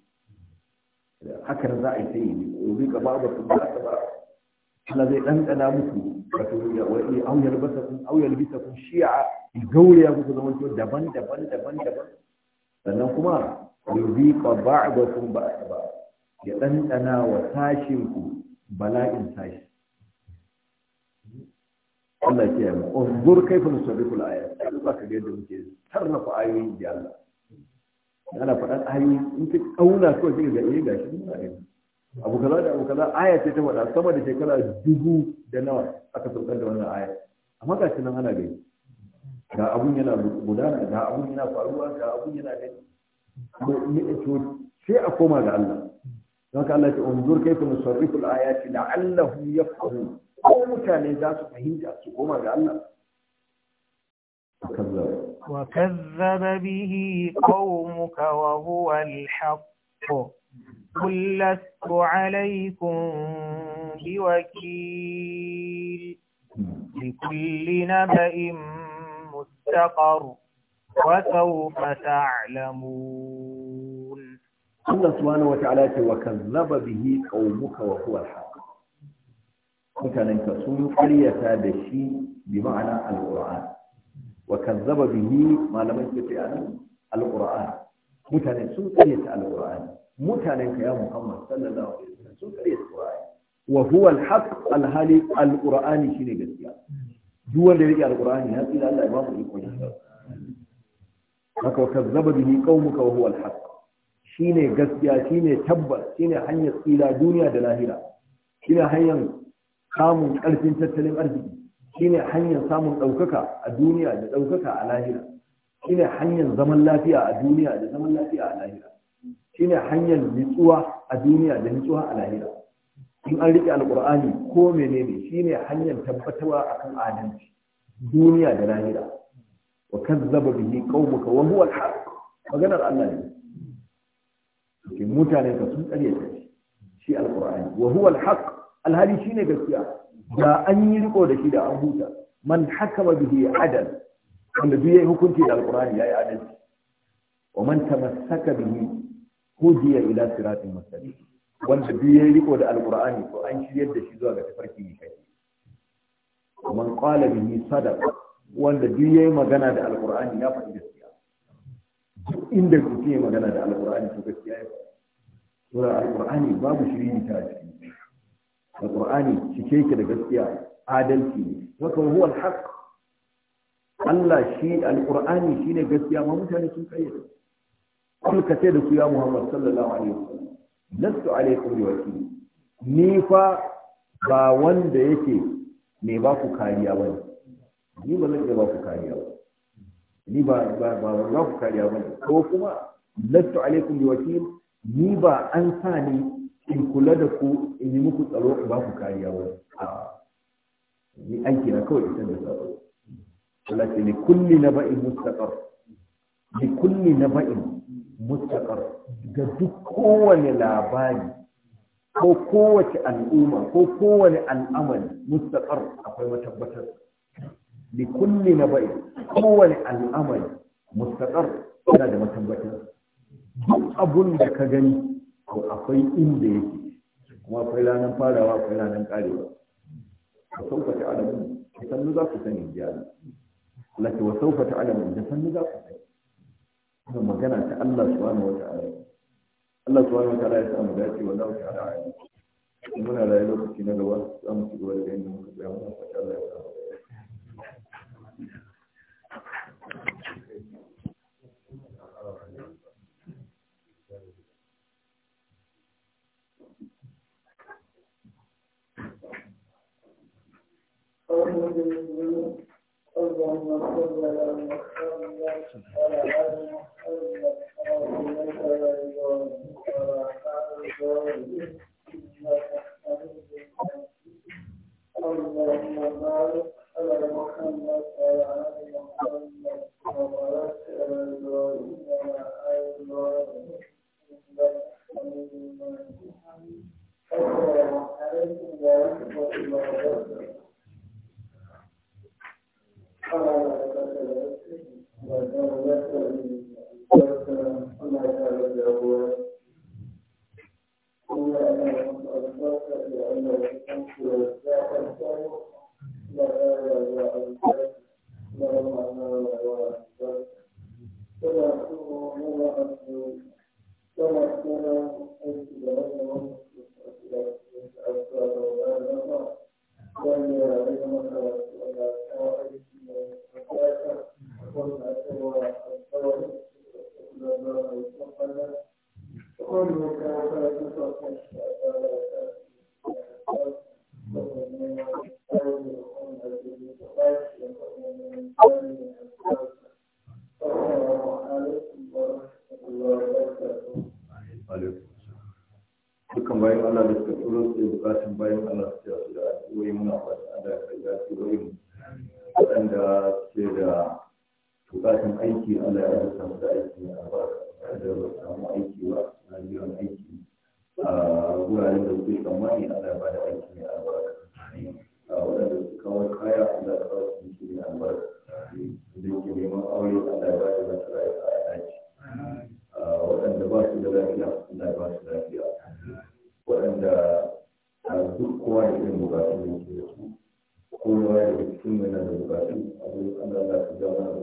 hakan za a yi ta yi ka ba ba su ba ta ba Allah zai ɗanɗana muku wato ya auyar basa kun auyar bisa kun shi'a gauriya kuka zama to daban daban daban daban sannan kuma yubi ka ba ba kun ba ta ba ya ɗanɗana wa sashin ku bala'in sashi Allah ya kiyaye mu unzur kaifa nusarrifu kula ayat ba ka ga yadda muke sarrafa ayoyin da Allah ana faɗan ayi. in ka auna kawai sai ga eh gashi mun ra'ayi abu kaza da abu kaza aya ce ta faɗa sama da shekara dubu da nawa aka saukar da wannan aya amma gashi nan ana gani ga abun yana gudana ga abun yana faruwa ga abun yana gani sai a koma ga Allah don ka Allah ce unzur kaifa musarrifu al-ayati la'allahu yafqahu ko mutane za su fahimta su koma ga Allah وكذب به قومك وهو الحق قل لست عليكم بوكيل لكل نبأ مستقر وسوف تعلمون الله سبحانه وتعالى وكذب به قومك وهو الحق متى ننكسون قرية هذا الشيء بمعنى القرآن wa kazzaba bihi malamai suka ce anan alqur'an mutane sun ta alqur'ani mutanen ka ya muhammad sallallahu alaihi wasallam sun karyata alqur'ani wa huwa alhaq alhali alqur'ani shine gaskiya duk wanda yake alqur'ani ya tsira Allah ya ba mu iko haka wa kazzaba bihi qaumuka wa huwa alhaq shine gaskiya shine tabbas shine hanyar tsira duniya da lahira shine hanyar kamun karfin tattalin arziki shine hanyar samun ɗaukaka a duniya da ɗaukaka a lahira shine hanyar zaman lafiya a duniya da zaman lafiya a lahira shine hanyar nutsuwa a duniya da nutsuwa a lahira in an riƙe alƙur'ani ko menene shine hanyar tabbatarwa akan adalci duniya da lahira wa kazzaba bihi qaumuka wa huwa al-haq maganar Allah ne mutane ka sun ƙaryata shi alƙur'ani wa huwa al-haq alhali shine gaskiya da an yi riko da shi da an huta man hakama bihi adal wanda duk yayi hukunci da alqur'ani yayi adalci wa man tamassaka bihi hudiya ila siratin mustaqim wanda duk yayi riko da alqur'ani to an shiryar da shi zuwa ga tafarki ne kai wa man qala bihi sadaqa wanda duk yayi magana da alqur'ani ya faɗi gaskiya duk inda kuke magana da alqur'ani to gaskiya ya faɗi sura alqur'ani babu shiri ta ciki alqur'ani cike yake da gaskiya adalci ne waka huwa alhaq Allah shi alqur'ani shine gaskiya ma mutane sun kayyade kun da su ya Muhammad sallallahu alaihi wasallam lastu alaikum biwakil ni fa ba wanda yake mai ba ku kariya ba ne ni ba zan iya ba kariya ba ni ba ba ku kariya ba ne ko kuma lastu ni ba an sa ni in kula da ku in yi muku tsaro in ba ku kariya wa a ni aiki na kawai isan da tsaro Allah ce ne kulli na ba'in mustaqar ne kulli na ba'in mustaqar ga duk kowane labari ko kowace al'umma ko kowane al'amari mustaqar akwai matabbatar Ni kulli na ba'in kowane al'amari mustaqar yana da matabbatar duk abun da ka gani ko akwai inda yake kuma akwai ranar farawa akwai ranar karewa wa sauka ta alamu da sannu za ku sani jiya lati wa sauka ta alamu da sannu za ku sani kuma magana ta Allah subhanahu wa ta'ala Allah subhanahu wa ta'ala ya sa mu dace wallahu ta'ala muna rayuwa lokaci na gaba za mu ci gaba da yin muka tsaya muna fata Allah ya sa اللهم بارك على محمد وعلى Allah ya